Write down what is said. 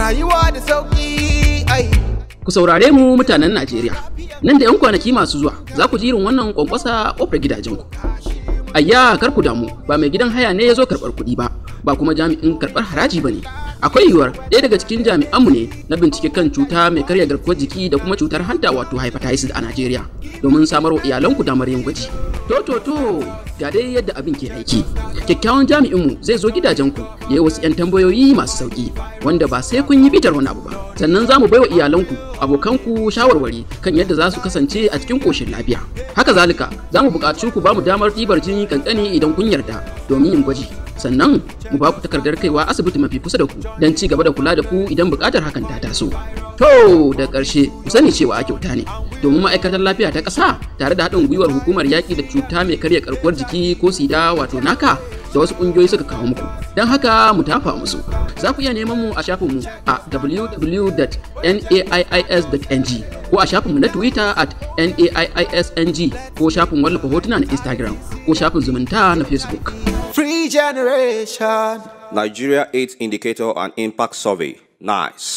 rayuwa da sauki ai ku saurare mu mutanen Najeriya nan da 'yan kwanaki masu zuwa za ku ji irin wannan kwankwasa kofar gidajenku ayya kar ku damu ba mai gidan haya ne ya zo karɓar kuɗi ba ba kuma jami'in karɓar haraji ba ne akwai yiwuwar ɗaya daga cikin jami'anmu ne na bincike kan cuta mai karya garkuwar jiki da kuma cutar hanta wato hepatitis a Najeriya domin samar wa iyalanku damar yin gwaji. To to to ga dai yadda abin ke aiki. Kyakkyawan jami'inmu zai zo gidajenku ya yi wasu 'yan tambayoyi masu sauƙi wanda ba sai kun yi bitar wani abu ba. Sannan za mu baiwa iyalanku abokanku shawarwari kan yadda za su kasance a cikin koshin lafiya. Haka zalika za mu buƙaci ku ba mu damar ɗibar jini ƙanƙani idan kun yarda domin yin gwaji. Sannan mu ba ku takardar kaiwa asibiti mafi kusa da ku don ci gaba da kula da ku idan buƙatar hakan ta taso. To da ƙarshe ku sani cewa a kyauta ne domin ma'aikatar lafiya ta ƙasa tare da haɗin gwiwar hukumar yaƙi da cuta mai karya karkuwar jiki ko sida wato naka da wasu ƙungiyoyi suka kawo muku don haka mu tafa musu za ku iya neman mu a shafinmu a www.naiis.ng ko a shafinmu na twitter at naiisng ko shafin wallafa hotuna na instagram ko shafin zumunta na facebook free generation nigeria 8 indicator and impact survey nice